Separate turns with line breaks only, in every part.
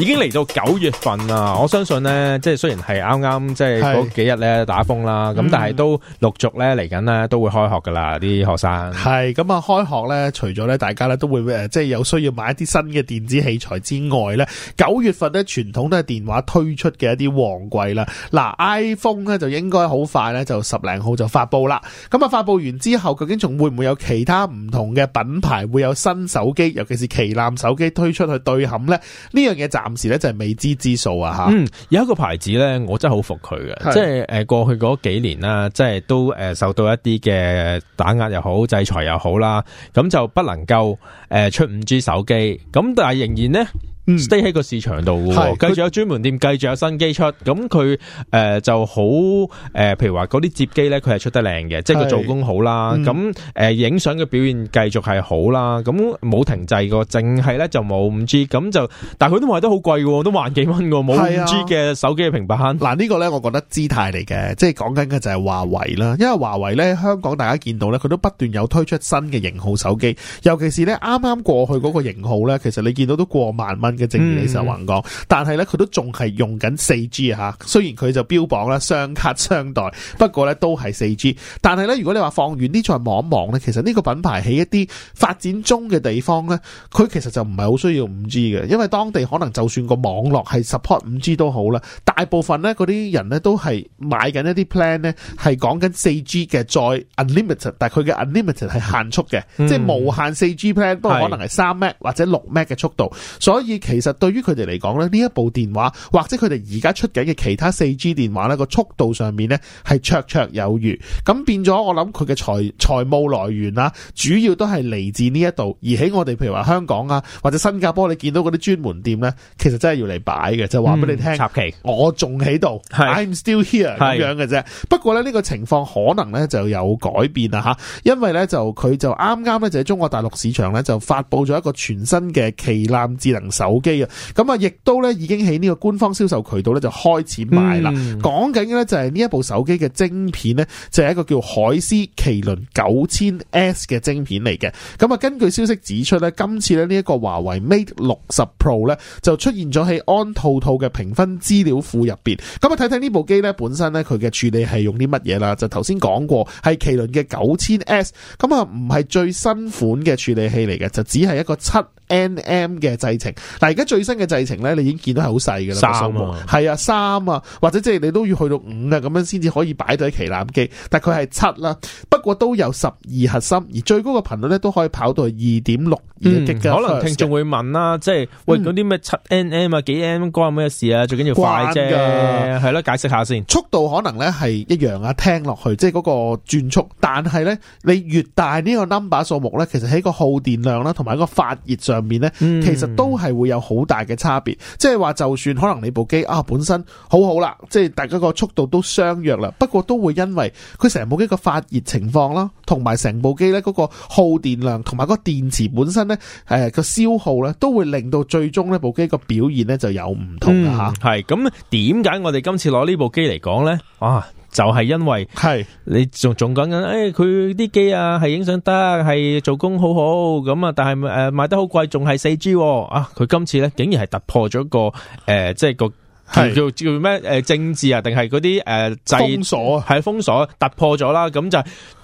已經嚟到九月份啦，我相信呢，即係雖然係啱啱即係嗰幾日咧打風啦，咁、嗯、但係都陸續咧嚟緊呢都會開學㗎啦，啲學生
係咁啊，開學呢除咗咧大家咧都會即係有需要買一啲新嘅電子器材之外呢，九月份呢傳統都係電話推出嘅一啲旺季啦。嗱，iPhone 呢就應該好快呢，就十零號就發布啦。咁啊發布完之後，究竟仲會唔會有其他唔同嘅品牌會有新手機，尤其是旗艦手機推出去對冚呢？呢樣嘢暫時咧就係未知之數啊吓，嗯，有一個牌子咧，我真
係好服佢嘅，即係誒過去嗰幾年啦，即係都誒受到一啲嘅打壓又好，制裁又好啦，咁就不能夠誒出 5G 手機，咁但係仍然咧。嗯、stay 喺個市場度喎。繼續有專門店，繼續有新機出，咁佢誒就好誒、呃，譬如話嗰啲摺機咧，佢係出得靚嘅，即係佢做工好啦，咁影相嘅表現繼續係好啦，咁冇停滯過，淨係咧就冇 5G，咁就但佢都賣得好貴喎，都萬幾蚊喎，冇 5G 嘅手機嘅平板。嗱呢、啊呢
個咧，我覺得姿態嚟嘅，即係講緊嘅就係華為啦，因為華為咧香港大家見到咧，佢都不斷有推出新嘅型號手機，尤其是咧啱啱過去嗰個型號咧，其實你見到都過萬蚊。嘅正義理就橫講，但係咧佢都仲係用緊四 G 啊吓，雖然佢就標榜啦雙卡雙待，不過咧都係四 G。但係咧如果你話放遠啲再望一望咧，其實呢個品牌喺一啲發展中嘅地方咧，佢其實就唔係好需要五 G 嘅，因為當地可能就算個網絡係 support 五 G 都好啦，大部分咧嗰啲人咧都係買緊一啲 plan 咧係講緊四 G 嘅，再 unlimited，但係佢嘅 unlimited 係限速嘅、嗯，即係無限四 G plan 都可能係三 M 或者六 M 嘅速度，所以。其實對於佢哋嚟講咧，呢一部電話或者佢哋而家出緊嘅其他四 G 電話呢個速度上面呢係綽綽有餘。咁變咗，我諗佢嘅財財務來源啊，主要都係嚟自呢一度。而喺我哋譬如話香港啊，或者新加坡，你見到嗰啲專門店呢，其實真係要嚟擺嘅。就話俾你聽，插旗，嗯，我仲喺度，I'm still here 咁樣嘅啫。不過呢呢個情況可能呢就有改變啦吓，因為呢，就佢就啱啱呢，就喺中國大陸市場呢，就發布咗一個全新嘅旗艦智能手法機啊，咁啊，亦都咧已經喺呢個官方銷售渠道咧就開始賣啦。講緊咧就係呢一部手機嘅晶片呢，就係一個叫海思麒麟九千 S 嘅晶片嚟嘅。咁啊，根據消息指出咧，今次咧呢一個華為 Mate 六十 Pro 咧就出現咗喺安兔兔嘅評分資料庫入邊。咁啊，睇睇呢部機咧本身咧佢嘅處理係用啲乜嘢啦？就頭先講過係麒麟嘅九千 S，咁啊唔係最新款嘅處理器嚟嘅，就只係一個七。N.M 嘅製程，嗱，而家最新嘅製程咧，你已經見到係好細嘅啦，三啊，係啊，三啊，或者即係你都要去到五啊咁樣先至可以擺到喺旗艦機，但佢係七啦，不過都有十二核心，而最高嘅頻率咧都可以跑到二點六 GHz。可能聽眾
會問啦，即係喂嗰啲咩七 N.M 啊，幾 M 關咩事啊？最緊要快啫，係啦，解釋
下先。速度可能咧係一樣啊，聽落去即係嗰個轉速，但係咧你越大呢個 number 數目咧，其實喺個耗電量啦，同埋一個發熱上。上面咧，其實都係會有好大嘅差別，即係話就算可能你部機啊本身好好啦，即係大家個速度都相約啦，不過都會因為佢成部機個發熱情況啦，同埋成部機咧嗰個耗電量，同埋嗰個電池本身咧，誒個消耗咧，都會令到最終呢部機個表現咧就有唔
同。嗯、啊！吓，係咁點解我哋今次攞呢部機嚟講咧啊？就係、是、因為係你仲仲講緊，誒佢啲機啊，係影相得，係做工好好咁、哦、啊，但係誒賣得好貴，仲係四 G 啊！佢今次咧竟然係突破咗個誒，即、呃、係、就是、個叫叫叫咩誒政治啊，定係嗰啲誒封鎖係封鎖突破咗啦，咁就。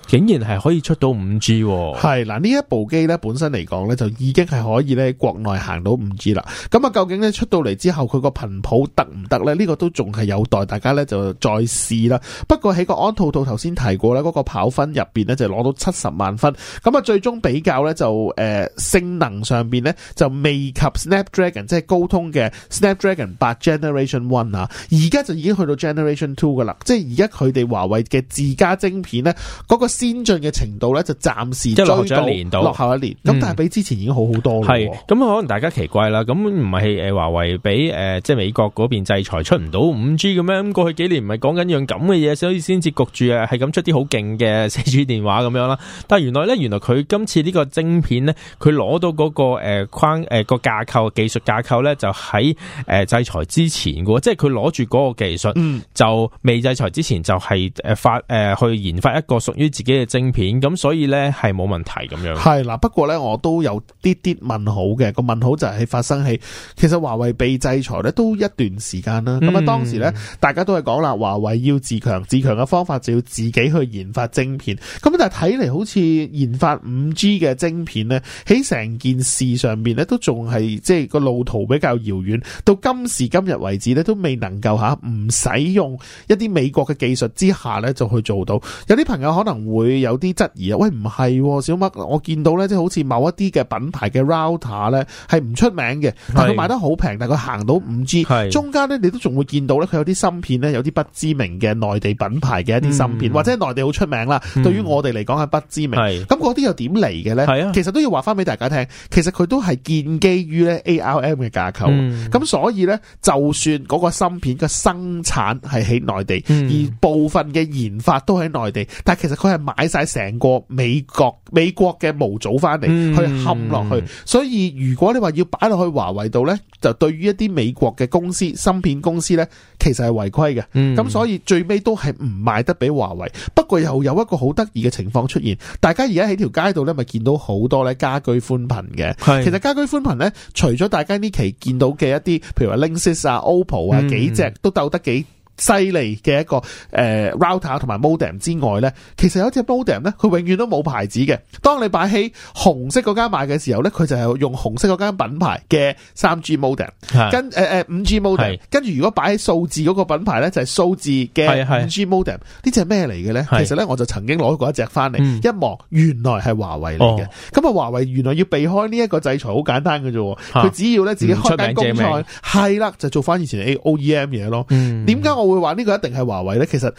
竟然係可以出到五 G，係嗱呢一部機咧本身嚟講咧就已經係可以咧國內行到五 G 啦。咁啊究竟咧出到嚟之後佢個頻譜得唔得咧？呢個都仲係有待大家咧就再試啦。不過喺個安兔兔頭先提過咧，嗰個跑分入邊咧就攞到七十萬分。咁啊最終比較咧就誒、呃、性能上邊咧就未及 Snapdragon，即係高通嘅 Snapdragon 八 Generation One 啊，而家就已經去到 Generation Two 噶啦。即係而家佢哋華為嘅自家晶片咧嗰個。先進嘅程度咧，就暫時追到落後一年。咁、嗯、但係比之前已經好好多係，咁可能大家奇怪
啦，咁唔係誒華為比誒、呃、即係美國嗰邊制裁出唔到五 G 咁樣，咁過去幾年唔係講緊樣咁嘅嘢，所以先至焗住啊，係咁出啲好勁嘅四 G 電話咁樣啦。但係原來咧，原來佢今次呢個晶片咧，佢攞到嗰、嗰個誒、呃、框誒個、呃、架構技術架構咧，就喺誒、呃、制裁之前嘅，即係佢攞住嗰個技術、嗯，就未制裁之前就係誒發誒、呃、去研發一個屬於自嘅晶片咁，所以
咧係冇問題咁樣。係嗱，不過咧我都有啲啲問號嘅，個問號就係發生喺其實華為被制裁咧都一段時間啦。咁、嗯、啊，當時咧大家都係講啦，華為要自強，自強嘅方法就要自己去研發晶片。咁但係睇嚟好似研發五 G 嘅晶片咧，喺成件事上面咧都仲係即係個路途比較遙遠。到今時今日為止咧，都未能夠吓唔使用一啲美國嘅技術之下咧就去做到。有啲朋友可能。會有啲質疑啊！喂，唔係、哦、小麥，我見到呢，即係好似某一啲嘅品牌嘅 router 呢，係唔出名嘅，但係佢賣得好平，但係佢行到五 G 中間呢，你都仲會見到呢，佢有啲芯片呢，有啲不知名嘅內地品牌嘅一啲芯片，嗯、或者內地好出名啦、嗯。對於我哋嚟講係不知名，咁嗰啲又點嚟嘅呢？其實都要話翻俾大家聽，其實佢都係建基於呢 ARM 嘅架構，咁、嗯、所以呢，就算嗰個芯片嘅生產係喺內地、嗯，而部分嘅研發都喺內地，但其實佢係。買晒成個美國美國嘅模組翻嚟、嗯、去嵌落去，所以如果你話要擺落去華為度呢，就對於一啲美國嘅公司，芯片公司呢，其實係違規嘅。咁、嗯、所以最尾都係唔賣得俾華為。不過又有一個好得意嘅情況出現，大家而家喺條街度呢，咪見到好多呢，家居寬頻嘅。其實家居寬頻呢，除咗大家呢期見到嘅一啲，譬如話 Linksys 啊、OPPO 啊，幾隻都鬥得幾犀利嘅一個誒、呃、router 同埋 modem 之外咧，其實有一隻 modem 咧，佢永遠都冇牌子嘅。當你擺喺紅色嗰間買嘅時候咧，佢就係用紅色嗰間品牌嘅三 G modem，跟五 G modem。跟住、呃呃、如果擺喺數字嗰個品牌咧，就係、是、數字嘅5 G modem。呢隻咩嚟嘅咧？其實咧，我就曾經攞過一隻翻嚟，一望原來係華為嚟嘅。咁、嗯、啊，華為原來要避開呢一個制裁好簡單嘅啫，佢、啊、只要咧自己開一間公眾係啦，就做翻以前嘅 O E M 嘢咯。點、嗯、解我？我會話呢個一定係華為咧，其實。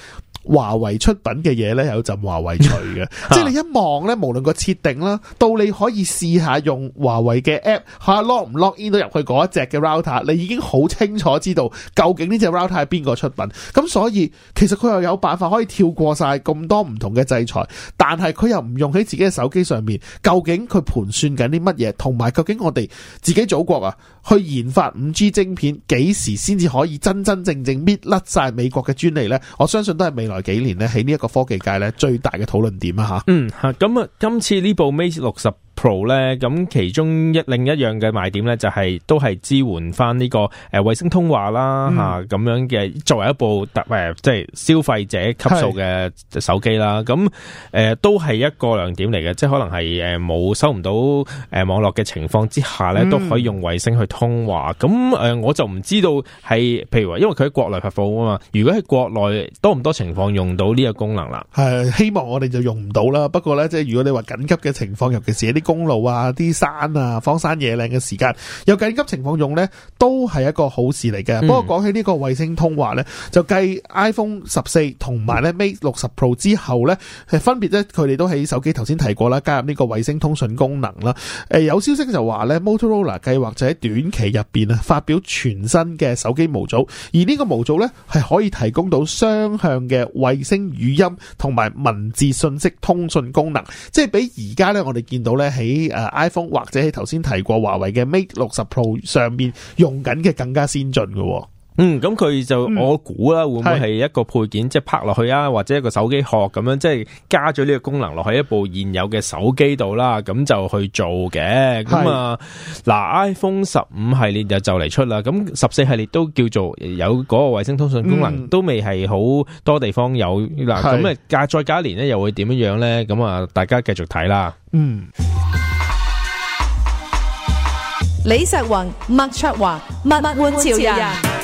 華為出品嘅嘢咧，有陣華為味嘅， 即係你一望咧，無論個設定啦，到你可以試下用華為嘅 app，下 lock 唔 lock in 到入去嗰一隻嘅 router，你已經好清楚知道究竟呢隻 router 係邊個出品。咁所以其實佢又有辦法可以跳過晒咁多唔同嘅制裁，但係佢又唔用喺自己嘅手機上面。究竟佢盤算緊啲乜嘢？同埋究竟我哋自己祖國啊，去研發五 G 芯片幾時先至可以真真正正搣甩晒美國嘅專利咧？我相信都係未來。幾年咧喺呢一個科技界咧最大嘅討論點啊吓，嗯吓，咁啊
今次呢部 Mate 六十，Pro 咧，咁其中一另一樣嘅賣點咧、就是，就係都係支援翻、這、呢個誒衛、呃、星通話啦吓，咁、嗯啊、樣嘅作為一部特誒、呃、即係消費者級數嘅手機啦，咁誒、呃、都係一個亮點嚟嘅，即係可能係誒冇收唔到誒、呃、網絡嘅情況之下咧，都可以用衛星去通話。咁、嗯、誒、呃、我就唔知道係，譬如話因為佢喺國內發貨啊嘛，如果喺國內多唔多情況用到呢個功能啦？
係希望我哋就用唔到啦。不過咧，即係如果你話緊急嘅情況，尤其是啲、這個。公路啊，啲山啊，荒山野嶺嘅時間，有緊急情況用咧，都係一個好事嚟嘅。不過講起呢個衛星通話咧，就繼 iPhone 十四同埋咧 Mate 六十 Pro 之後咧，係分別咧，佢哋都喺手機頭先提過啦，加入呢個衛星通訊功能啦。誒，有消息就話咧，Motorola 計劃就喺短期入邊啊，發表全新嘅手機模組，而呢個模組咧係可以提供到雙向嘅衛星語音同埋文字信息通訊功能，即係比而家咧我哋見到咧。喺誒 iPhone 或者喺頭先提過華為嘅 Mate 60 Pro 上面用緊嘅更加先進嘅。
嗯，咁佢就、嗯、我估啦，會唔會係一個配件，即係拍落去啊，或者一個手機殼咁樣，即係加咗呢個功能落去一部現有嘅手機度啦，咁就去做嘅。咁啊，嗱，iPhone 十五系列就就嚟出啦，咁十四系列都叫做有嗰個衛星通訊功能，嗯、都未係好多地方有嗱，咁啊隔再加一年咧，又會點樣樣咧？咁啊，大家繼續
睇啦。嗯。李石宏、麥卓華、麥麥換潮人。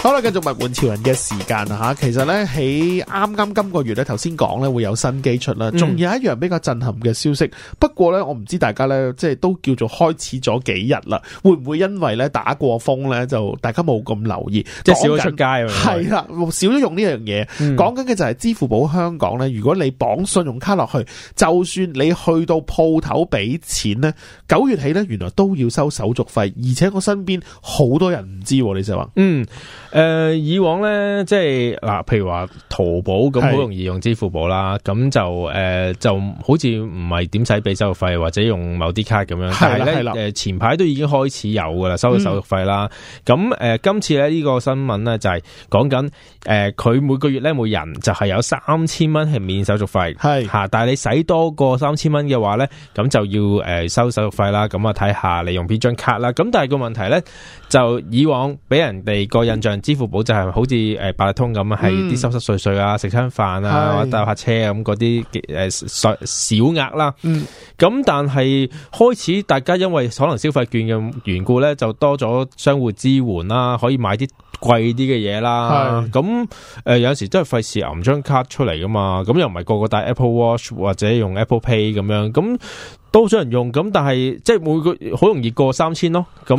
好啦，繼續物玩潮人嘅時間吓，其實咧，喺啱啱今個月咧，頭先講咧會有新機出啦，仲有一樣比較震撼嘅消息。嗯、不過咧，我唔知大家咧，即係都叫做開始咗幾日啦，會唔會因為咧打過風咧，就大家冇咁留意，即係少咗出街係啦，少咗用呢樣嘢。講緊嘅就係支付寶香港咧，如果你綁信用卡落去，就算你去到鋪頭俾錢咧，九月起咧，原來都要收手續費，而且我身邊好多人唔知你就話嗯。誒、呃，以往咧，即係嗱，譬
如話淘寶咁好容易用支付寶啦，咁就誒、呃，就好似唔係點使俾手續費或者用某啲卡咁樣。但係咧，係啦係啦。誒、呃，前排都已經開始有噶啦，收手續費啦。咁、嗯、誒、呃，今次咧呢、這個新聞咧就係講緊誒，佢、呃、每個月咧每人就係有三千蚊係免手續費，係吓、啊。但係你使多過三千蚊嘅話咧，咁就要誒、呃、收手續費啦。咁啊睇下你用邊張卡啦。咁但係個問題咧，就以往俾人哋個印象、嗯。支付寶就係好似誒八達通咁啊，係、嗯、啲濕濕碎碎啊，食餐飯啊，搭下車啊咁嗰啲誒少少額啦。咁、嗯、但係開始大家因為可能消費券嘅緣故咧，就多咗商戶支援啦，可以買啲貴啲嘅嘢啦。咁誒、呃、有時真係費事揞張卡出嚟噶嘛，咁又唔係個個帶 Apple Watch 或者用 Apple Pay 咁樣咁。都好多人用咁，但係即係每個好容易過三千咯。咁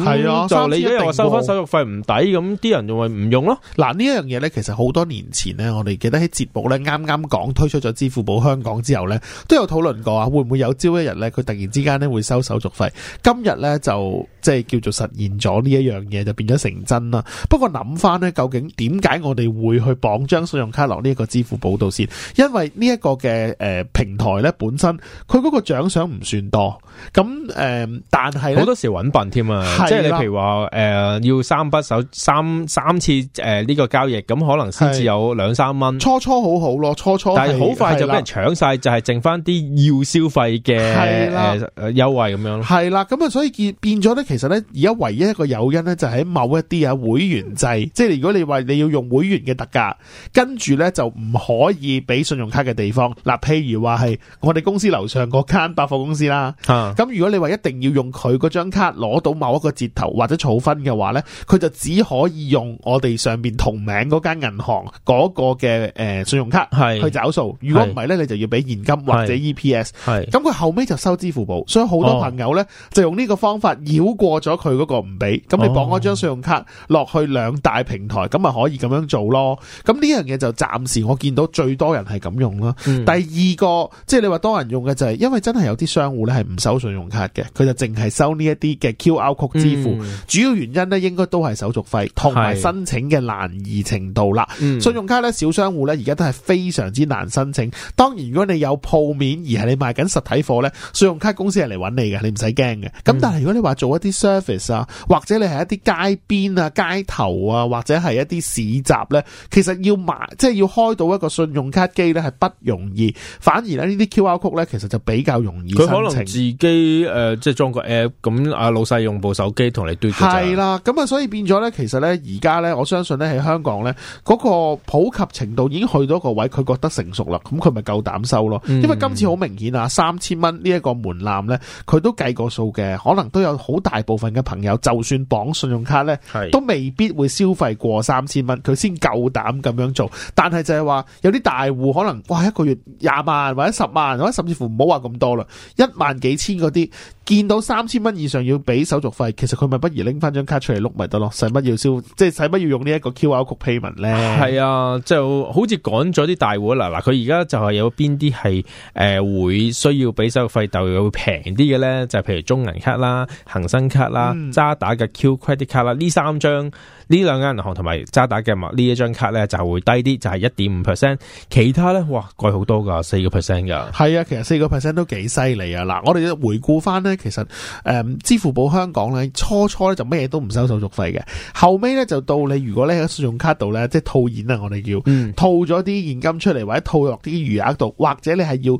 就你如果話收翻手續
費唔抵，咁啲人用咪唔用咯。嗱呢一樣嘢咧，其實好多年前咧，我哋記得喺節目咧啱啱講推出咗支付寶香港之後咧，都有討論過啊，會唔會有朝一日咧，佢突然之間咧會收手續費？今日咧就即係叫做實現咗呢一樣嘢，就變咗成真啦。不過諗翻咧，究竟點解我哋會去綁張信用卡落呢一個支付寶度先？因為呢一個嘅誒平台咧，本身佢嗰個獎賞唔算。多咁誒，但係好多時搵笨添啊，即係你譬如話
誒、呃、要三筆手三三次誒呢、呃這個交易咁，可能先至有兩
三蚊。初初好好咯，初初是但係好快就俾人搶
晒，就係、是、剩翻啲要消費
嘅誒優惠咁樣咯。係啦，咁啊所以變變咗咧，其實咧而家唯一一個誘因咧就喺某一啲啊會員制， 即係如果你話你要用會員嘅特價，跟住咧就唔可以俾信用卡嘅地方嗱、呃，譬如話係我哋公司樓上嗰間百貨公司。咁、嗯、如果你話一定要用佢嗰張卡攞到某一個折頭或者儲分嘅話呢，佢就只可以用我哋上邊同名嗰間銀行嗰個嘅誒信用卡去找數，如果唔係呢，你就要俾現金或者 EPS，咁佢後尾就收支付寶，所以好多朋友呢，哦、就用呢個方法繞過咗佢嗰個唔俾，咁你綁嗰張信用卡落去兩大平台，咁、哦、咪可以咁樣做咯。咁呢樣嘢就暫時我見到最多人係咁用啦、嗯、第二個即係你話多人用嘅就係因為真係有啲商戶。咧係唔收信用卡嘅，佢就淨係收呢一啲嘅 QR code 支付、嗯。主要原因咧，應該都係手續費同埋申請嘅難易程度啦。信用卡咧，小商戶咧，而家都係非常之難申請。當然，如果你有鋪面而係你賣緊實體貨咧，信用卡公司係嚟揾你嘅，你唔使驚嘅。咁但係如果你話做一啲 service 啊，或者你係一啲街邊啊、街頭啊，或者係一啲市集咧，其實要買即係、就是、要開到一個信用卡機咧，係不容易。反而咧呢啲 Q R code 咧，其實就比較容易。自
己誒即係裝個 app，咁老細用部手機同你對。係
啦，咁啊，所以變咗咧，其實咧，而家咧，我相信咧，喺香港咧，嗰個普及程度已經去到一個位，佢覺得成熟啦。咁佢咪夠膽收咯？因為今次好明顯啊、嗯，三千蚊呢一個門檻咧，佢都計過數嘅，可能都有好大部分嘅朋友，就算綁信用卡咧，都未必會消費過三千蚊，佢先夠膽咁樣做。但係就係話有啲大戶可能，哇，一個月廿萬或者十萬，或者甚至乎唔好話咁多啦，一。萬幾千嗰啲。見到三千蚊以上要俾手續費，其實佢咪不如拎翻張卡出嚟碌咪得咯？使乜要消，即係使乜要用呢一個 QR code payment 咧？係
啊，就好似趕咗啲大戶啦。嗱，佢而家就係有邊啲係誒會需要俾手續費，但係會平啲嘅咧？就係、是、譬如中銀卡啦、恒生卡啦、嗯、渣打嘅 Q credit 卡啦，呢三張呢兩間銀行同埋渣打嘅物呢一張卡咧，就會低啲，就係一
點五 percent。其他咧，哇，貴好多噶，四個 percent 噶。係啊，其實四個 percent 都幾犀利啊！嗱，我哋回顧翻咧。其實誒、嗯，支付寶香港咧，初初咧就乜嘢都唔收手續費嘅，後尾咧就到你如果咧喺信用卡度咧，即係套現啊我，我哋叫嗯套咗啲現金出嚟，或者套落啲餘額度，或者你係要。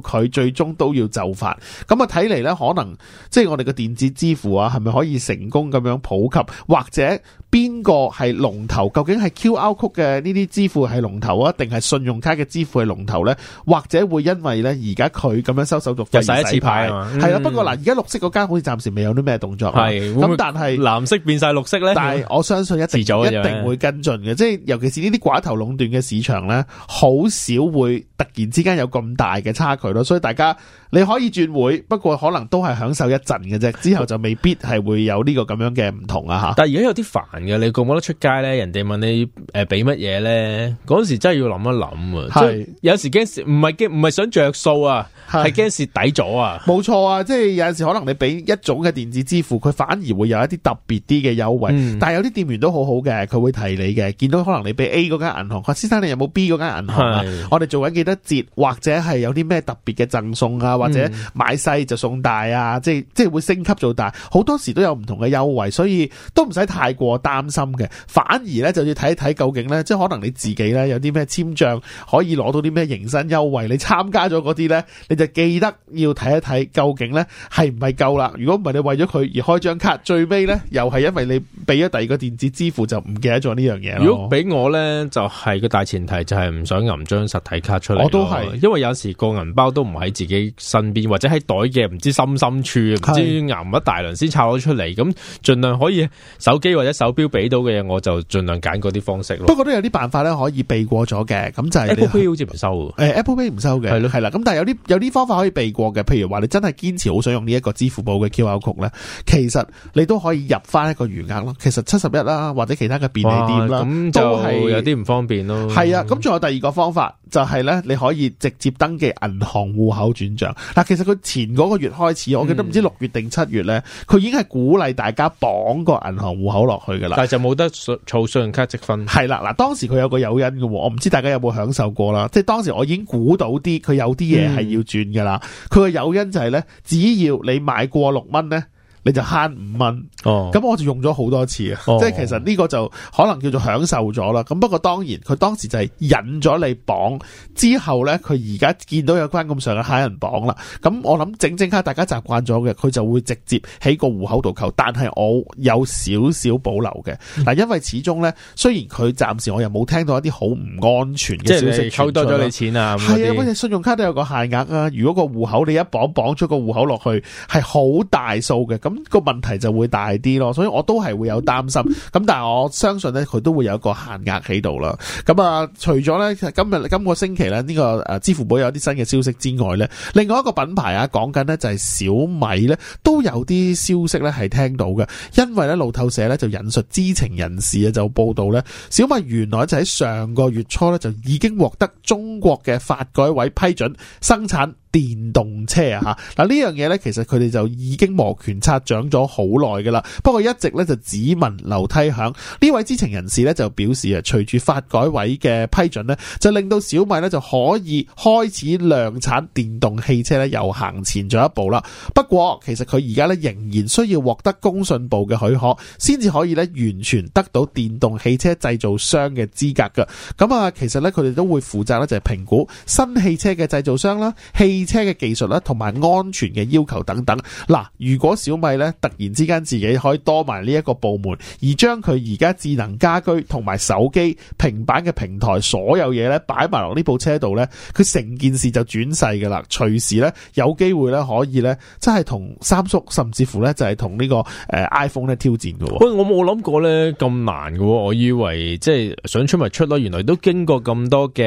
佢最終都要就法，咁啊，睇嚟呢，可能即係我哋嘅電子支付啊，係咪可以成功咁樣普及，或者？邊個係龍頭？究竟係 QR Code 嘅呢啲支付係龍頭啊，定係信用卡嘅支付係龍頭咧？或者會因為咧而家佢咁樣收手續費洗一次牌啊？係啦，不過嗱，而家綠色嗰間好似暫時未有啲咩動作。係咁，但
係藍色變晒綠色咧。但係
我相信一定一定會跟進嘅，即係尤其是呢啲寡頭壟斷嘅市場咧，好少會突然之間有咁大嘅差距咯。所以大家你可以轉會，不過可能都係享受一陣嘅啫，之後就未必係會有呢個咁樣嘅唔同啊吓。但係而家有啲煩。
你覺唔覺得出街咧人哋問你誒俾乜嘢咧嗰陣時真係要
諗一諗啊，啊，啊，啊！即係
有時驚唔係驚唔係想着數啊，係驚蝕底咗啊！
冇錯啊！即係有陣時可能你俾一種嘅電子支付，佢反而會有一啲特別啲嘅優惠。嗯、但係有啲店員都好好嘅，佢會提你嘅。見到可能你俾 A 嗰間銀行，話先生你有冇 B 嗰間銀行啊？我哋做緊幾多折，或者係有啲咩特別嘅贈送啊？或者買細就送大啊？即係即係會升級做大。好多時都有唔同嘅優惠，所以都唔使太過擔心嘅，反而咧就要睇一睇究竟咧，即係可能你自己咧有啲咩簽賬可以攞到啲咩迎新優惠，你參加咗嗰啲咧，你就記得要睇一睇究竟咧係唔係夠啦。如果唔係，你為咗佢而開張卡，最尾咧又係因為你俾咗第二個電子支付就唔記得咗呢樣嘢。如果
俾我咧，就係、是、個大前提就係唔想揞張實體卡出嚟。我都係，因為有時個銀包都唔喺自己身邊，或者喺袋嘅唔知深深處，唔知揞一大輪先抄咗出嚟。咁盡量可以手機或者手要俾到嘅嘢，我就儘量揀嗰啲方式咯。不過
都有啲辦法咧，可以避過咗嘅。咁就係 Apple Pay 好似唔收喎。欸、Apple Pay 唔收嘅。係咯，係啦。咁但係有啲有啲方法可以避過嘅。譬如話，你真係堅持好想用呢一個支付寶嘅 Q R code 咧，其實你都可以入翻一個餘額咯。其實七十一啦，或者其他嘅便利店啦，就都係有
啲唔方便咯。係
啊，咁仲有第二個方法就係咧，你可以直接登記銀行戶口轉賬。嗱、嗯，其實佢前嗰個月開始，我記得唔知六月定七月咧，佢已經係鼓勵大家綁個銀行戶口落去嘅。但係就冇得儲信用卡積分。係啦，嗱，當時佢有個誘因嘅，我唔知大家有冇享受過啦。即係當時我已經估到啲，佢有啲嘢係要轉噶啦。佢個誘因就係咧，只要你買過六蚊咧，你就慳五蚊，哦，咁我就用咗好多次啊、哦，即係其實呢個就可能叫做享受咗啦。咁不過當然佢當時就係引咗你綁之後呢，佢而家見到有翻咁上下人綁啦。咁我諗整整下大家習慣咗嘅，佢就會直接喺個戶口度扣。但係我有少少保留嘅，嗱、嗯，因為始終呢，雖然佢暫時我又冇聽到一啲好唔安全嘅消息，即係扣多咗你錢啊，係啊，信用卡都有個限額啊。如果個戶口你一綁綁出個戶口落去，係好大數嘅咁個問題就會大啲咯，所以我都係會有擔心。咁但係我相信呢，佢都會有一個限額喺度啦。咁啊，除咗呢，今日今個星期呢，呢、呢個誒、啊、支付寶有啲新嘅消息之外呢，另外一個品牌啊講緊呢就係小米呢，都有啲消息呢係聽到嘅，因為呢，路透社呢就引述知情人士啊就報道呢，小米原來就喺上個月初呢，就已經獲得中國嘅發改委批准生產。電動車啊，吓嗱，呢樣嘢呢，其實佢哋就已經磨拳擦掌咗好耐㗎啦。不過一直咧就只聞樓梯響。呢位知情人士呢，就表示啊，隨住發改委嘅批准呢，就令到小米呢，就可以開始量產電動汽車咧，又行前咗一步啦。不過其實佢而家呢，仍然需要獲得工信部嘅許可，先至可以呢，完全得到電動汽車製造商嘅資格㗎。咁啊，其實呢，佢哋都會負責呢，就係評估新汽車嘅製造商啦，汽。汽車嘅技術啦，同埋安全嘅要求等等。嗱，如果小米呢，突然之間自己可以多埋呢一個部門，而將佢而家智能家居同埋手機、平板嘅平台所有嘢呢擺埋落呢部車度呢，佢成件事就轉世噶啦。隨時呢，有機會呢，可以呢，真係同三叔甚至乎呢，就係同呢個誒 iPhone 咧，挑戰嘅。喂，
我冇諗過呢咁難嘅，我以為即係想出咪出咯。原來都經過咁多嘅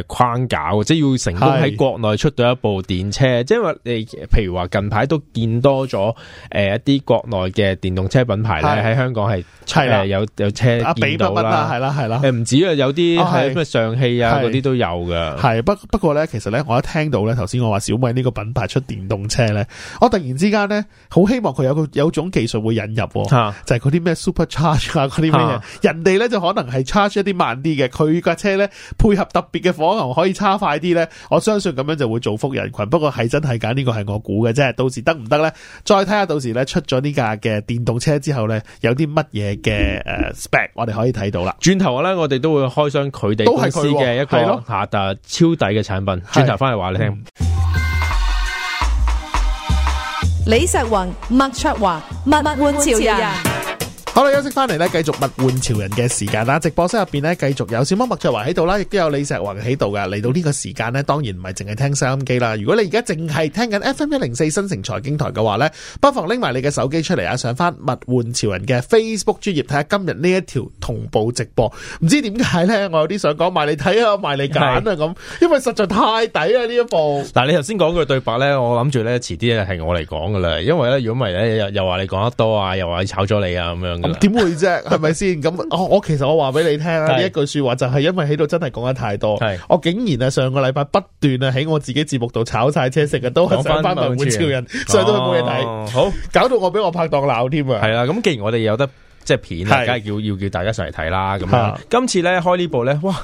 誒框架，即係要成功喺國內出到一部，電車，即係話你，譬如話近排都見多咗誒，一啲國內嘅電動車品牌咧喺、啊、香港係
係、啊呃、有有車啊，俾乜乜啦，係啦係啦，唔止啊，啊啊嗯、
止有啲係咩上汽啊嗰啲
都有噶，係不不過咧，其實咧我一聽到咧頭先我話小米呢個品牌出電動車咧，我突然之間咧好希望佢有個有種技術會引入、啊啊，就係、是、嗰啲咩 super charge 啊嗰啲咩嘢，人哋咧就可能係 charge 一啲慢啲嘅，佢架車咧配合特別嘅火牛可以差快啲咧，我相信咁樣就會造福人。不過係真係假呢個係我估嘅啫，到時得唔得咧？再睇下到時咧出咗呢架嘅電動車之後咧，有啲乜嘢嘅誒 spec，我哋可以睇到啦。
轉頭咧，我哋都會開箱佢哋都公司嘅一個下達超抵嘅產品。轉頭翻嚟話你聽，
李石云、麥卓華、物玩潮人。好啦，休息翻嚟咧，繼續物玩潮人嘅時間啦。直播室入邊咧，繼續有小貓麥卓華喺度啦，亦都有李石華喺度噶。嚟到呢個時間咧，當然唔係淨係聽收音機啦。如果你而家淨係聽緊 F M 一零四新城財經台嘅話咧，不妨拎埋你嘅手機出嚟啊，上翻物玩潮人嘅 Facebook 專頁，睇下今日呢一條同步直播。唔知點解咧，我有啲想講埋你睇下，埋你揀啊咁，因為實在太抵啊呢一部。
嗱，你頭先講句對白咧，我諗住咧遲啲係我嚟講噶啦，因為咧如果唔係咧又又話你講得多啊，又話你炒咗你啊咁樣。
點 會啫，係咪先？咁我其實我話俾你聽啊，呢 一句說話就係因為喺度真係講得太多。係我竟然啊，上個禮拜不斷啊喺我自己節目度炒晒車，食嘅，都係翻翻輪換超人，所以都冇嘢睇。好，搞到我俾我拍檔鬧添啊。係啦，咁既然我哋有得即係
片，而家要要叫大家上嚟睇啦。咁、啊、今次咧開部呢部咧，哇！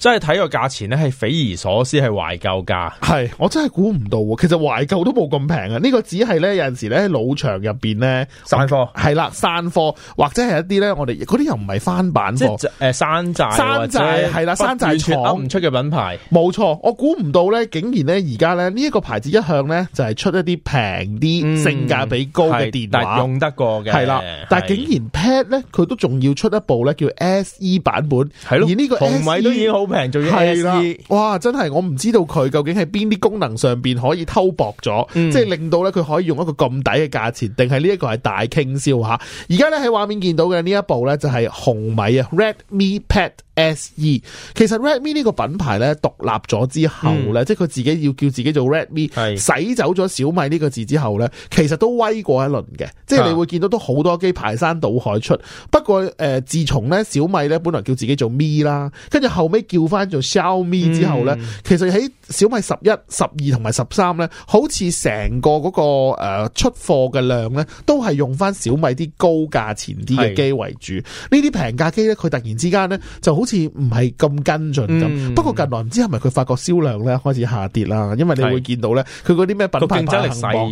真係睇個價
錢咧，係匪夷所思，係懷舊價。係，我真係估唔到喎。其實懷舊都冇咁平啊！呢、這個只係咧有陣時咧老場入邊咧散貨係啦，散貨或者係一啲咧，我哋嗰啲又唔係翻版貨誒、呃，山寨山寨係啦，山寨廠唔出嘅品牌冇錯，我估唔到咧，竟然咧而家咧呢一個牌子一向咧就係出一啲平啲、性價比高嘅電話但用得過嘅係啦，但係竟然 Pad 咧佢都仲要出一部咧叫 SE 版本係咯，而呢個紅米都已經好。平做要係啦，哇！真係我唔知道佢究竟係邊啲功能上邊可以偷薄咗，嗯，即係令到咧佢可以用一個咁抵嘅價錢，定係呢一個係大傾銷吓？而家咧喺畫面見到嘅呢一部咧就係紅米啊，Redmi Pad。S e 其實 Redmi 呢個品牌咧獨立咗之後咧、嗯，即係佢自己要叫自己做 Redmi，洗走咗小米呢個字之後咧，其實都威過一輪嘅、啊。即係你會見到都好多機排山倒海出。不過誒、呃，自從咧小米咧本來叫自己做 Me 啦，跟住後屘叫翻做 Xiaomi 之後咧、嗯，其實喺小米十一、十二同埋十三咧，好似成個嗰個誒出貨嘅量咧，都係用翻小米啲高價錢啲嘅機為主。呢啲平價機咧，佢突然之間咧就好似。似唔係咁跟進咁、嗯，不過近來唔知係咪佢發覺銷量咧開始下跌啦、嗯，因為你會見到咧，佢嗰啲咩品牌牌行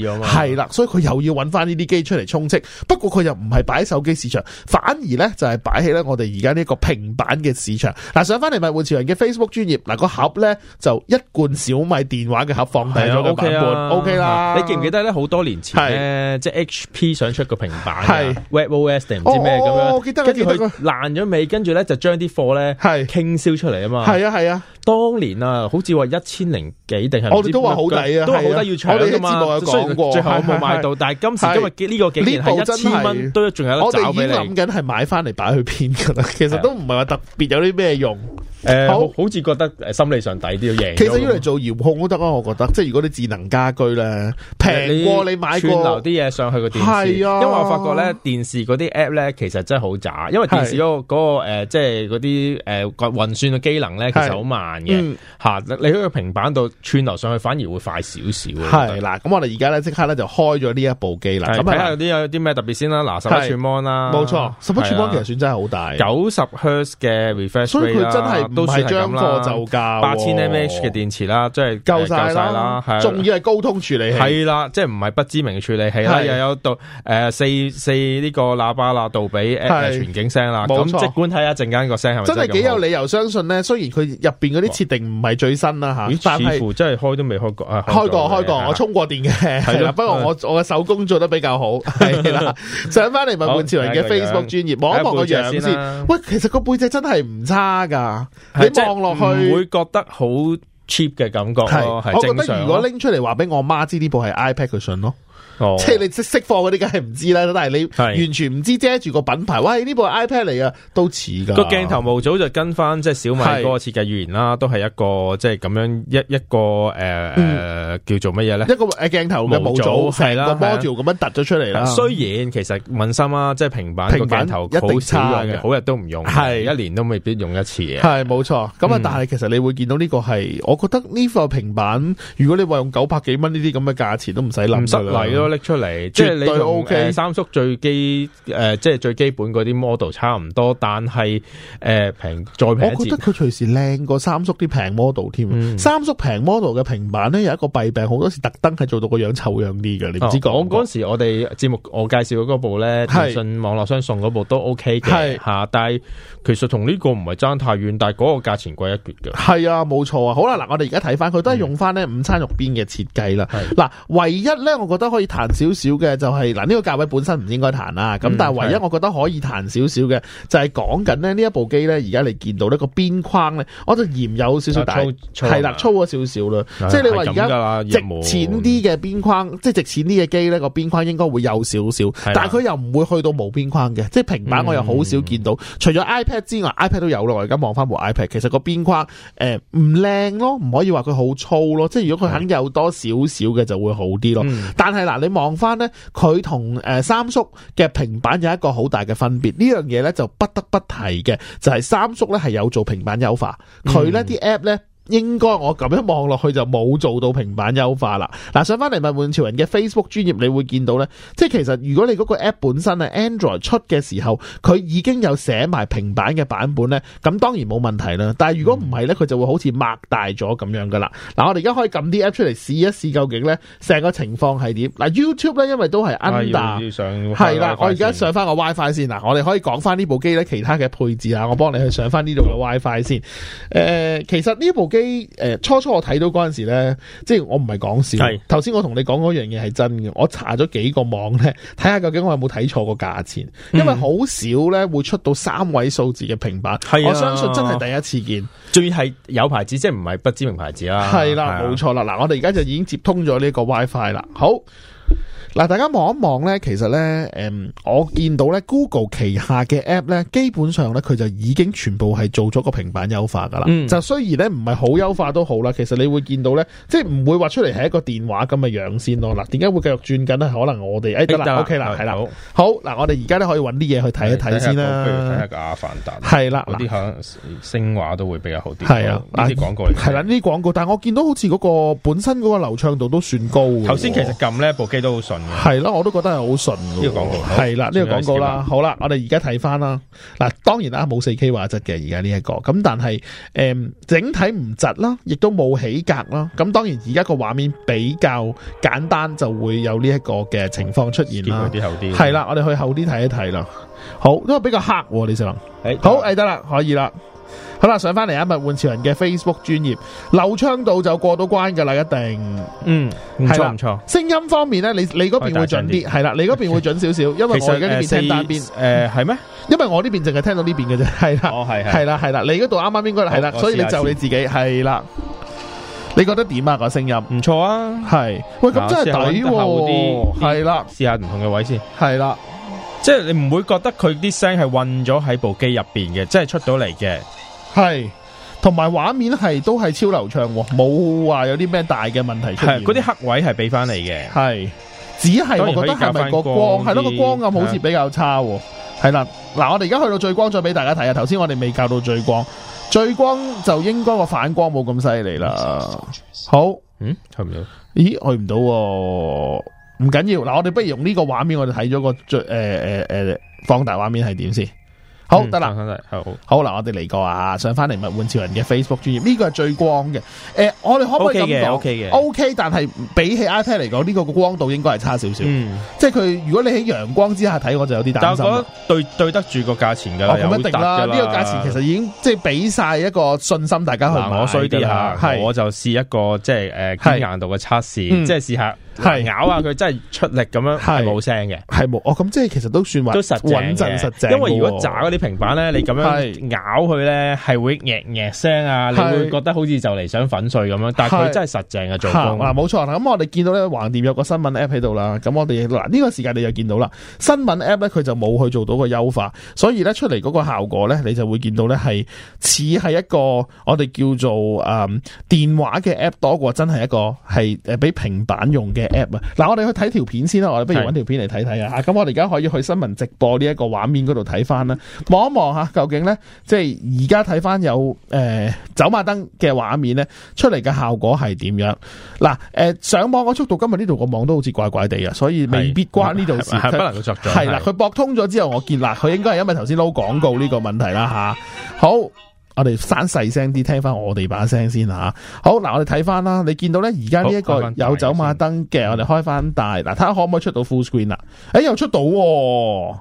系啦，所以佢又要揾翻呢啲機出嚟充積、嗯。不過佢又唔係擺手機市場，反而咧就係擺喺咧我哋而家呢個平板嘅市場。嗱，上翻嚟咪換次人嘅 Facebook 專業嗱，那個盒咧就一罐小米電話嘅盒放低咗嘅版 o、okay 啊、k、okay 啦, okay、啦。你記
唔記得咧？好多年前即係 HP 想出個平板的，係 WebOS 唔知咩、哦、咁樣，跟住佢爛咗未？跟住咧就將啲貨咧。係傾銷出嚟啊嘛，係啊係啊。當年啊，好似話一千零幾定係我哋都話好抵啊，都話好抵要搶啊嘛。我哋之前有講過，雖然最後我冇買到，是是是是但係今時今日呢個竟然係一千蚊，都
仲有得炒俾你。我哋已諗緊係買翻嚟擺去邊噶啦，其實都唔係話特別有啲咩用。誒、呃，好，似覺得誒
心理上抵啲要贏。其實要嚟
做遙控都得啊，我覺得。即係如果啲智能家居咧，平過你買過你串流啲
嘢上去個電視、啊。因為我發覺咧，電視嗰啲 app 咧，其實真係好渣。因為電視嗰、那個個誒、呃，即係嗰啲誒，運、呃、算嘅機能咧，其實好慢嘅。吓、嗯啊，你喺個平板度串流上去反而會快少少。係
啦、啊，咁我哋而家咧即刻咧就開咗呢一部機啦。咁睇下有
啲有啲咩特別先啦、啊。嗱、啊，十一吋芒啦，冇錯、啊，十一吋芒其實
算真係好大，九十赫茲嘅 refresh，所以佢真係。都唔係將貨就價，八千
mAh 嘅電池啦，即係夠晒啦，仲、呃、仲
要係高通處理器，係
啦，即係唔係不知名嘅處理器啦。又有，有到、呃、四四呢個喇叭啦，杜比誒全景聲啦，冇錯。管睇觀睇間陣間個聲係咪真，真係幾有理
由相信咧。雖然佢入面嗰啲設定唔係最新啦吓，但係、呃、似
乎真係開都未開過啊！開過開過，開過啊、我充
過電嘅係啦。 不過我我嘅手工做得比較好係啦。上翻嚟物玩潮人嘅 Facebook 專頁，望一望個樣先。喂，其實個背脊真係唔差噶。
你望落去、就是、會覺得
好 cheap 嘅感覺咯，是是咯？我覺得如果拎出嚟話俾我媽知呢部係 iPad 佢信咯。哦、即係你識識貨嗰啲，梗係唔知啦。但係你完全唔知遮住個品牌，喂呢部 iPad 嚟啊，都似噶個鏡
頭模組就跟翻即係小米嗰個設計語言啦，都係一個即係咁樣一一個誒叫做乜嘢咧？一個
鏡、呃嗯、頭模組係啦，module 咁樣突咗出嚟啦。雖
然其實問心啦，即係平板個鏡頭好少用嘅，好日都唔用，係一年都未必用一次嘅。係
冇錯。咁啊，但係其實你會見到呢個係、嗯，我覺得呢塊平板，如果你話用九百幾蚊呢啲咁嘅價錢都唔使諗，失得嚟拎出嚟、OK，即係你同、呃、三叔最基誒、呃，即係最基本嗰啲
model 差唔多，但係誒、呃、平再平我覺得佢
隨時靚過三叔啲平、嗯、平 model 添。三叔平 model 嘅平板咧有一個弊病，好多時特登係做到個樣醜樣啲嘅。你唔知
講嗰、哦、時我哋節目我介紹嗰部咧，電信網絡商送嗰部都 OK
嘅吓、啊，但係其實同呢個唔係爭太遠，但係嗰個價錢貴一截嘅。係啊，冇錯啊。好啦，嗱，我哋而家睇翻，佢都係用翻咧午餐肉邊嘅設計啦。嗱，唯一咧，我覺得可以彈少少嘅就係嗱呢個價位本身唔應該彈啦，咁、嗯、但係唯一我覺得可以彈少少嘅就係講緊呢一部機呢。而家你見到呢個邊框呢，我就嫌有少少大，係啦，粗咗少少啦。即係你話而家值錢啲嘅邊框，即係值錢啲嘅機呢個邊框應該會有少少，但係佢又唔會去到冇邊框嘅，即係平板我又好少見到，嗯、除咗 iPad 之外，iPad 都有咯。我而家望翻部 iPad，其實個邊框誒唔靚咯，唔可以話佢好粗咯，即係如果佢肯有多少少嘅就會好啲咯。嗯、但係嗱你。望翻咧，佢同誒三叔嘅平板有一個好大嘅分別，呢樣嘢咧就不得不提嘅，就係、是、三叔咧係有做平板優化，佢咧啲 app 咧、嗯。應該我咁樣望落去就冇做到平板優化啦。嗱，上翻嚟《物玩潮人》嘅 Facebook 專頁，你會見到呢。即係其實如果你嗰個 app 本身係 Android 出嘅時候，佢已經有寫埋平板嘅版本呢。咁當然冇問題啦。但係如果唔係呢，佢就會好似擘大咗咁樣噶啦。嗱、嗯，我哋而家可以撳啲 app 出嚟試一試究竟呢成個情況係點？嗱，YouTube 呢，因為都係 under 係啦，我而家上翻個 WiFi 先嗱，我哋可以講翻呢部機呢其他嘅配置啊，我幫你去上翻呢度嘅 WiFi 先、呃。其實呢部機。誒、呃，初初我睇到嗰陣時呢，即係我唔係講笑。頭先我同你講嗰樣嘢係真嘅，我查咗幾個網呢，睇下究竟我有冇睇錯個價錢，嗯。因為好少呢會出到三位數字嘅平板，我相信真係第一次見。最係有牌子，即係
唔係不知名牌子，啊啊啊、啦。係啦，冇錯
啦。嗱，我哋而家就已經接通咗呢個 WiFi 啦。好。嗱，大家望一望咧，其實咧，誒，我見到咧，Google 旗下嘅 App 咧，基本上咧，佢就已經全部係做咗個平板優化噶啦。嗯。就雖然咧，唔係好優化都好啦，其實你會見到咧，即係唔會話出嚟係一個電話咁嘅樣先咯。嗱，點解會繼續轉緊咧？可能我哋誒，O K 啦，係、哎、啦、OK，好，嗱，我哋而家咧可以搵啲嘢去睇一睇先啦。譬如睇一個阿凡達，係啦，啲可能聲畫都會比較好啲。係啊，呢啲廣告，係啦，呢啲廣告，但係我見到好似嗰、那個本身嗰個流暢度都算高。頭先其實撳呢部機都好爽。係咯， 我都覺得係、這個、好純。呢個廣告係啦，呢個廣告啦，好啦、這個，我哋而家睇翻。啦。嗱，當然啦，冇四 K 畫質嘅而家呢一個，咁但係，誒、嗯，整體唔窒啦，亦都冇起格啦。咁當然而家個畫面比較簡單，就會有呢一個嘅情況出現啦。啲後啲係啦，我哋去後啲睇一睇啦。好，因為比較黑，李志林，誒、hey,，好，誒得啦，可以啦。好啦，上翻嚟啊！物玩潮人嘅 Facebook 專頁，流暢度就過到關嘅啦，一定。嗯，唔錯唔錯。聲音方面咧，你你嗰邊會準啲，係啦， 你嗰邊會準少少，因為我而家呢邊聽單邊誒，係咩、嗯呃？因為我呢邊淨係聽到呢邊嘅啫，係啦，係、哦、啦，係啦，你嗰度啱啱應該係啦，所以你就你自己係啦。 你覺得點啊？個聲音唔錯啊，係。喂，咁真係抵，
係啦。試下唔同嘅位先，係啦。即係你唔會覺得佢啲聲係混
咗喺部機入邊嘅，即係出到嚟嘅。 係，同埋畫面係都係超流暢，冇話有啲咩大嘅問題出現。嗰啲黑位係俾翻嚟嘅，係只係我覺得係咪個光係咯？個光暗好似比較差。係啦，嗱，我哋而家去到最光再俾大家睇下。頭先我哋未較到最光，最光就應該個反光冇咁犀利啦。好，嗯，去唔到？咦，去唔到，啊？唔緊要，嗱，我哋不如用呢個畫面，我哋睇咗個最誒誒誒放大畫面係點先。好得啦、嗯嗯，好，嗯、好嗱、嗯，我哋嚟過啊，上翻嚟物玩潮人嘅 Facebook 專頁，呢、這個係最光嘅。誒、呃，我哋可唔可以咁講？OK 嘅 okay，OK，但係比起 iPad 嚟講，呢、這個光度應該係差少少、嗯。即係佢如果你喺陽光之下睇，我就有啲擔心。但我覺得
對對得住價、啊得這個價錢噶，我唔一定啦。呢個價錢其實已
經即係俾晒一個信心，大家去我衰啲吓。
我就試一個即係誒，堅、呃、硬度嘅測試，即係試下。係咬下佢真係出力咁樣，係冇聲嘅，係冇哦。咁即係其實都算話都穩陣實正，實正。因為如果炸嗰啲平板咧，嗯，你咁樣咬佢咧，係會嘢嘢聲啊，你會覺得好似就嚟想粉碎咁樣。但係佢真係實正嘅做工。嗱，冇，
啊，錯。咁我哋見到咧，橫掂有個新聞 app 喺度啦。咁我哋嗱，呢個時間你就見到啦，新聞 app 咧，佢就冇去做到個優化，所以咧，出嚟嗰個效果咧，你就會見到咧係似係一個我哋叫做誒，嗯，電話嘅 app 多過真係一個係誒俾平板用嘅。a、啊、嗱，我哋去睇條片先啦，我哋不如揾條片嚟睇睇啊，咁我哋而家可以去新聞直播呢一個畫面嗰度睇翻啦，望一望吓，究竟咧即係而家睇翻有誒、呃、走馬燈嘅畫面咧出嚟嘅效果係點樣？嗱、啊，誒、呃、上網嘅速度，今日呢度個網都好似怪怪地啊，所以未必關呢度事，係不能做咗，係啦，佢駁通咗之後，我見嗱，佢應該係因為頭先撈廣告呢個問題啦吓、啊。好。我哋閂細聲啲，聽翻我哋把聲先吓。好嗱，我哋睇翻啦，你見到呢，而家呢一個有走馬燈嘅，我哋開翻大，嗱，睇下可唔可以出到 full screen 啦。哎、欸，又出到、哦，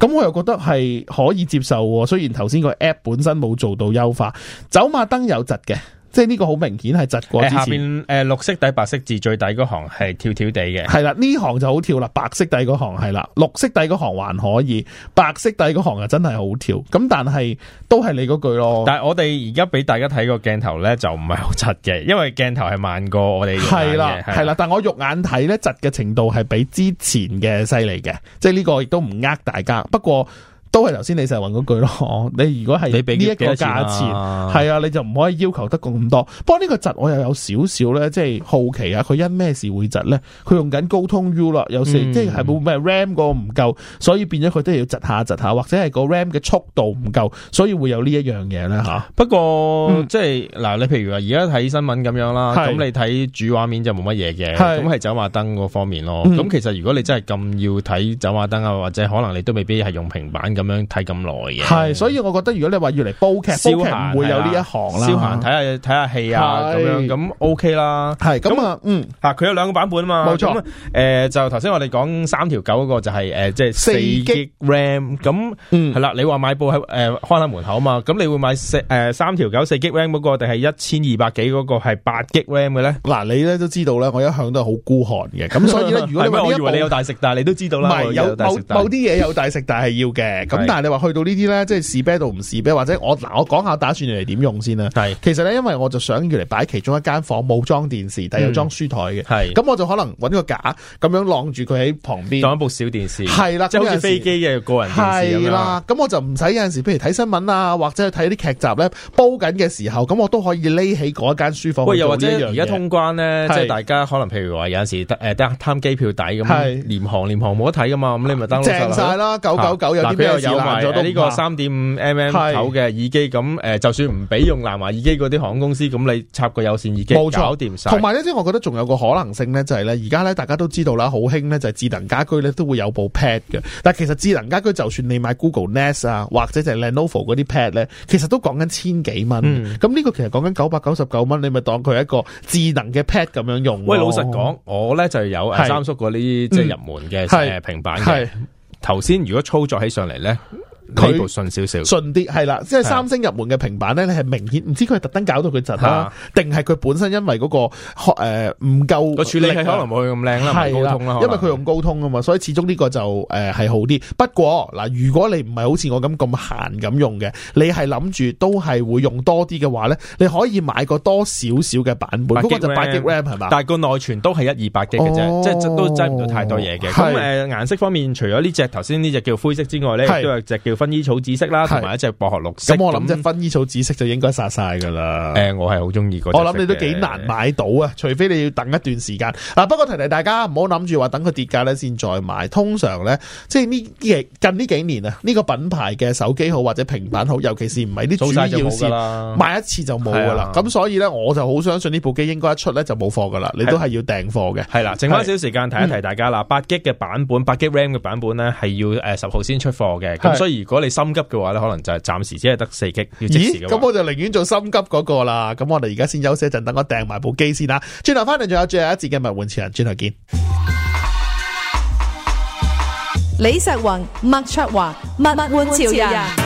咁我又覺得係可以接受。雖然頭先個 app 本身冇做到優化，走馬燈有窒嘅。即係呢個好明顯係窒過之前，
誒、呃、綠色底白色字最底嗰行係跳跳地嘅。係
啦，呢行就好跳啦，白色底嗰行係啦，綠色底嗰行還可以，白色底嗰行啊真係好跳。咁但係都係你嗰句咯。但
係我哋而家俾大家睇個鏡頭呢，就唔係好
窒嘅，因為鏡頭係慢過我哋。係啦，係啦，但我肉眼睇呢，窒嘅程度係比之前嘅犀利嘅。即係呢個亦都唔呃大家，不過。都係頭先李世雲嗰句咯，你如果係畀呢一個價錢，係啊，啊，你就唔可以要求得咁多。不過呢個窒我又有少少咧，即、就、係、是、好奇啊，佢因咩事會窒咧？佢用緊高通 U 啦，有時、嗯、即係冇咩 RAM 個唔夠，所以變咗佢都要窒下窒下，或者係個 RAM 嘅速度唔夠，所以會有呢一樣嘢呢。
不過、嗯、即係嗱，你譬如話而家睇新聞咁樣啦，咁你睇主畫面就冇乜嘢嘅，咁係走馬燈嗰方面咯。咁、嗯、其實如果你真係咁要睇走馬燈啊，或者可能你都未必係用平板咁。咁樣睇咁耐
嘅，係所以我覺得，如果你話要嚟煲劇，煲劇唔會有呢一行啦。消閒
睇下睇下戲啊，咁樣咁 OK 啦，
係咁啊，嗯，
吓佢有兩個版本啊嘛，冇錯。誒、呃，就頭先我哋講三條九嗰個就係、是、誒，即係四 G RAM，咁嗯係啦。你話買部喺誒開喺門口啊嘛，咁你會買誒、呃、三條九四 G RAM 嗰、那個定係一千二百幾
嗰個係八 G RAM 嘅咧？嗱，你咧都知道啦，我一向都係好孤寒嘅，咁所以咧，如果你以為你有大食大，但係你都知道啦，係有某某啲嘢有大食，大有大食大，但係要嘅。咁但係你話去到呢啲咧，即係試啤度唔試啤，或者我嗱我講下打算嚟點用先啦。係，其實咧因為我就想用嚟擺其中一間房冇裝電視，但有裝書台嘅。係，咁我就可能揾個架咁樣晾住佢喺旁邊。當一部小電視。係啦，即係好似飛機嘅個人。係啦，咁我就唔使有陣時，譬如睇新聞啊，或者去睇啲劇集咧，煲緊嘅時候，咁我都可以匿起嗰一間書房。喂，又、這個、或者而家通關
咧，即係大家可能譬如話有陣時、呃、機連行連行得誒得機票抵咁，廉航廉航冇得睇噶嘛，咁你咪得。正曬啦，九九九有啲咩？啊有埋咗呢個三點五 mm 口嘅耳機，咁誒，就算唔俾用藍牙耳機嗰啲航空公司，咁你插個機有線耳機搞掂晒。同埋
呢啲我覺得仲有個可能性咧，就係、是、咧，而家咧大家都知道啦，好興咧就係智能家居咧都會有部 pad 嘅。但係其實智能家居就算你買 Google Nest 啊，或者就係 Lenovo 嗰啲 pad 咧，其實都講緊千幾蚊。咁、嗯、呢個其實講緊九百九十九蚊，你咪當佢一個智能嘅 pad 咁樣用。喂，老實講，我咧就有三叔嗰啲即
係入門嘅平板。頭先如果操作起上嚟呢？佢順少少，順
啲係啦，即係三星入門嘅平板咧，你係明顯唔知佢係特登搞到佢窒啦，定係佢本身因為嗰、那個唔、呃、夠個處理器可能冇咁靚啦，唔係高通啦，因為佢用高通啊嘛，所以始終呢個就誒、是、係、呃、好啲。不過嗱、呃，如果你唔係好似我咁咁閒咁用嘅，你係諗住都係會用多啲嘅話咧，你可以買個多少少嘅版本，嗰、那個就擺啲 RAM 係嘛，但
係個內存都係一二百 G 嘅啫，即係都擠唔到太多嘢嘅。咁誒、呃、顏色方面，除咗呢隻頭先呢隻叫灰色之外咧，都有隻叫，薰衣草紫色啦，同埋一隻薄荷綠色。咁、嗯、我諗，即薰
衣草紫色就應該殺晒噶啦。誒、欸，我係好中意嗰。我諗你都幾難買到啊，除非你要等一段時間。嗱，不過提提大家，唔好諗住話等佢跌價咧先再買。通常咧，即係呢近呢幾年啊，呢、呢個品牌嘅手機好或者平板好，尤其是唔係啲主要線，買一次就冇噶啦。咁、啊、所以咧，我就好相信呢部機應該一出咧就冇貨噶啦。你都係要訂貨嘅。係啦、啊啊，剩翻少少時間提一提大家啦。
八 G 嘅版本，八 G RAM 嘅版本咧係要誒十號先出貨嘅。咁、啊、所以。如果你心急嘅話咧，可能就係暫時只係得四擊要即時嘅。咦？咁我
就寧願做心急嗰個啦。咁我哋而家先休息一陣，等我訂埋部機先啦。轉頭翻嚟仲有最後一節嘅物玩潮人，轉頭見。李石宏、麥卓華、物玩潮人。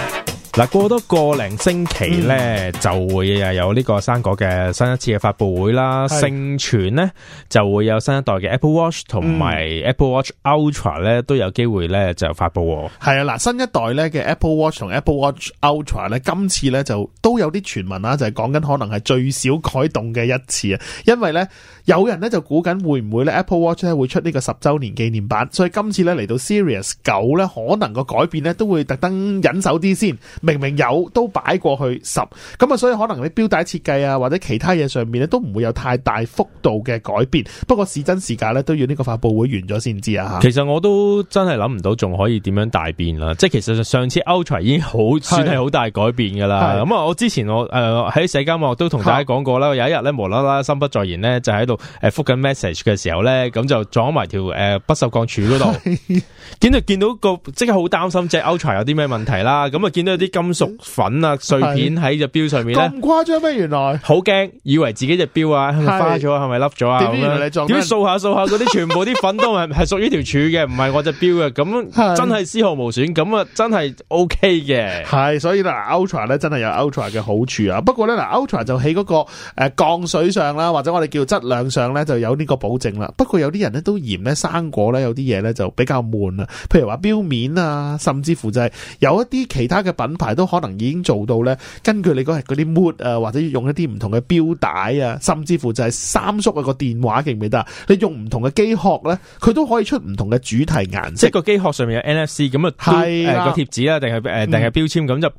嗱，過多個零星期咧，就會啊有呢個生果嘅新一次嘅發布會啦。盛傳咧就會有新一代嘅 Apple Watch 同埋 Apple
Watch Ultra 咧都有機會咧就發布。係啊，嗱，新一代咧嘅 Apple Watch 同 Apple Watch Ultra 咧，今次咧就都有啲傳聞啦，就係講緊可能係最少改動嘅一次啊，因為咧。有人咧就估緊會唔會咧 Apple Watch 咧會出呢個十週年紀念版，所以今次咧嚟到 Series 九咧，可能個改變咧都會特登忍手啲先。明明有都擺過去十，咁啊，所以可能你錶帶設計啊，或者其他嘢上面咧都唔會有太大幅度嘅改變。不過是真是假咧，都要呢個發布會完咗先知啊。其
實我都真係諗唔到仲可以點樣大變啦。即其實上次 Ultra 已經好算係好大改變㗎啦。咁啊，我之前我誒喺、呃、社交網絡都同大家講過啦，有一日咧無啦啦心不在焉咧就喺度。誒、呃，復緊 message 嘅時候咧，咁就撞埋條誒不銹鋼柱嗰度， 見到見到個即刻好擔心，即係 Ultra 有啲咩問題啦？咁啊，見到有啲金屬粉啊碎片喺隻錶上面咧，咁
誇張咩？原來好驚，
以為自己隻錶啊花咗，係咪甩咗啊？ 是是點樣掃下掃下嗰啲全部啲粉都係係屬於條柱嘅，唔 係我隻錶嘅，咁真係絲毫無損，咁啊
真係 OK 嘅。係所以啦，Ultra 咧真係有 Ultra 嘅好處啊。不過咧嗱，Ultra 就喺嗰、那個誒、呃、鋼水上啦，或者我哋叫質量。上咧就有呢個保證啦，不過有啲人咧都嫌咧生果咧有啲嘢，咧就比較悶啊，譬如話錶面啊，甚至乎就係有一啲其他嘅品牌都可能已經做到咧，根據你嗰日嗰啲 mood 啊，或者用一啲唔同嘅錶帶啊，甚至乎就係三叔個電話記唔記得啊？你用唔同嘅機殼咧，佢都可以出唔同嘅主題顏
色，即係個機殼上面有 NFC 咁啊，誒個貼紙啊定係誒定係標籤咁就。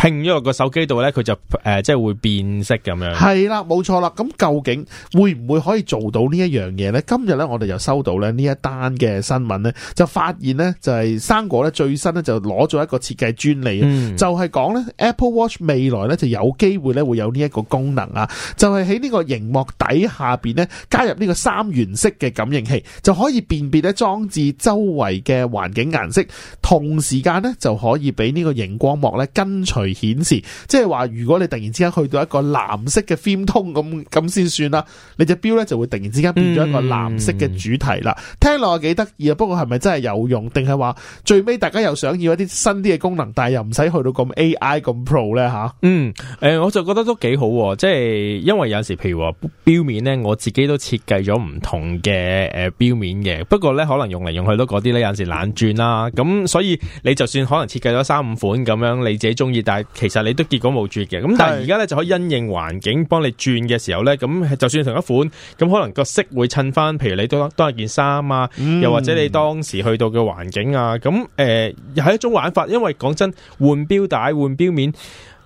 拼咗落個手機度呢，佢就誒、呃，即係會變色咁樣。係
啦，冇錯啦。咁究竟會唔會可以做到呢一樣嘢呢？今日呢，我哋就收到咧呢一單嘅新聞呢就發現呢、就是嗯，就係生果呢最新呢，就攞咗一個設計專利，就係講呢 Apple Watch 未來呢就有機會呢會有呢一個功能啊，就係喺呢個熒幕底下邊呢，加入呢個三原色嘅感應器，就可以辨別呢裝置周圍嘅環境顏色，同時間呢，就可以俾呢個熒光幕呢跟隨。顯示，即係話如果你突然之間去到一個藍色嘅 film 通，咁咁先算啦，你隻表咧就會突然之間變咗一個藍色嘅主題啦、嗯。聽落係幾得意啊，不過係咪真係有用？定係話最尾大家又想要一啲新啲嘅功能，但係又唔使去到咁 AI 咁 Pro 咧吓？嗯，
誒、呃，我就覺得都幾好，啊，即、就、係、是、因為有時候譬如話表面咧，我自己都設計咗唔同嘅誒表面嘅，不過咧可能用嚟用去都嗰啲咧，有陣時懶轉啦。咁所以你就算可能設計咗三五款咁樣，你自己中意，但其實你都結果冇轉嘅，咁但係而家呢，就可以因應環境幫你轉嘅時候呢。咁就算同一款，咁可能個色會襯翻，譬如你都都係件衫啊、嗯，又或者你當時去到嘅環境啊，咁誒又係一種玩法，因為講真，換錶帶換錶面。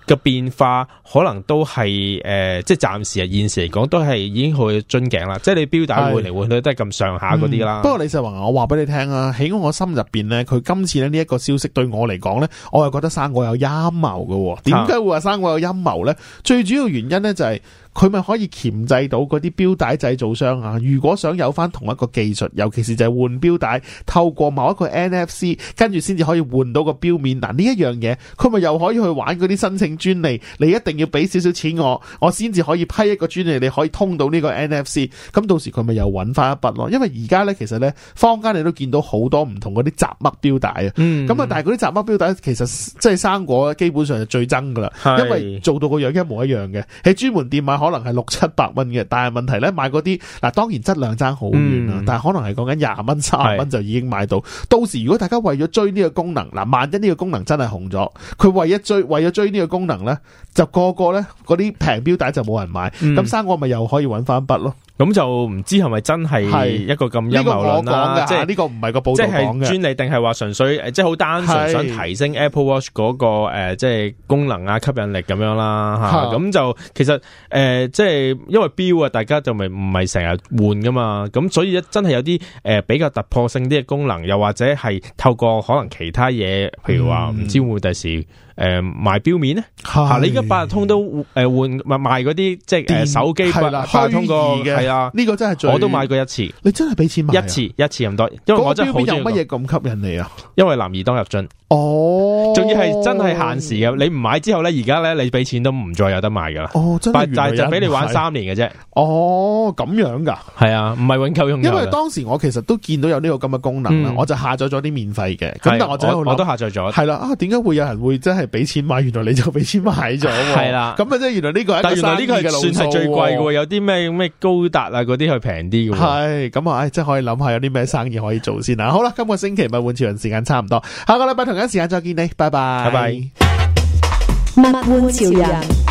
嘅變化可能都係誒、呃，即係暫時啊，現時嚟講都係已經去樽頸啦。即係你標底換嚟換去都係咁上下嗰啲啦。不過李
世華我話俾你聽啦，喺我心入邊咧，佢今次咧呢一個消息對我嚟講咧，我係覺得生果有陰謀嘅。點解會話生果有陰謀咧？最主要原因咧就係，是。佢咪可以鉗制到嗰啲錶帶製造商啊？如果想有翻同一個技術，尤其是就係換錶帶，透過某一個 NFC，跟住先至可以換到個錶面。嗱呢一樣嘢，佢咪又可以去玩嗰啲申請專利。你一定要俾少少錢，我，我先至可以批一個專利，你可以通到呢個 NFC。咁到時佢咪又揾翻一筆咯。因為而家咧，其實咧，坊間你都見到好多唔同嗰啲雜乜錶帶啊。嗯。咁啊，但係嗰啲雜乜錶帶其實即係生果咧，基本上就最憎噶啦。係。因為做到個樣一模一樣嘅，喺專門店買。可能係六七百蚊嘅，但係問題咧買嗰啲嗱，當然質量爭好遠，但係可能係講緊廿蚊、三十蚊就已經買到。到時如果大家為咗追呢個功能，嗱，萬一呢個功能真係紅咗，佢為一追，為咗追呢個功能咧，就個個咧嗰啲平標帶就冇人買。咁生果咪又可以搵翻筆咯。
咁就唔知係咪真係一個咁陰謀論啦？即係呢個唔係、就是啊這個、個報道講嘅專利，定係話純粹即係好單純想提升 Apple Watch 嗰、那個誒，即係、呃就是、功能啊、吸引力咁樣啦吓。咁、啊、就其實誒，即、呃、係、就是、因為錶啊，大家就咪唔係成日換噶嘛。咁所以真係有啲誒、呃、比較突破性啲嘅功能，又或者係透過可能其他嘢，譬如話唔、嗯、知會唔會第時。誒、嗯，賣表面咧吓，你而家八達通都誒換唔賣嗰啲即係、呃、手機八達通嘅係啊，呢、這個真係最我都買過一次，你真係俾錢買、啊、一次一次咁多，因為表我真係好有乜嘢
咁吸引你啊？
因為男兒當入樽。
哦，仲要係真係限
時嘅，你唔買之後咧，而家咧你俾錢都唔再有得買噶啦。哦，但就就俾你玩三年嘅
啫。哦，咁樣噶，
係啊，唔係永久用嘅。因為當
時我其實都見到有呢個咁嘅功能啦、嗯，我就下載咗啲免費嘅。咁但我就，我都下載咗。係啦，啊，點解會有人會真係俾錢買？原來你就俾錢買咗。係啦，咁啊，即係原來呢個,個。但係原來呢個係算係最貴嘅喎，有啲咩咩高達啊嗰啲去平啲嘅。係，咁啊，唉、哎，真係可以諗下有啲咩生意可以做先啦。好啦，今個星期物玩潮人時間差唔多，下個禮拜同一時間再見你，拜拜。拜拜。物玩潮人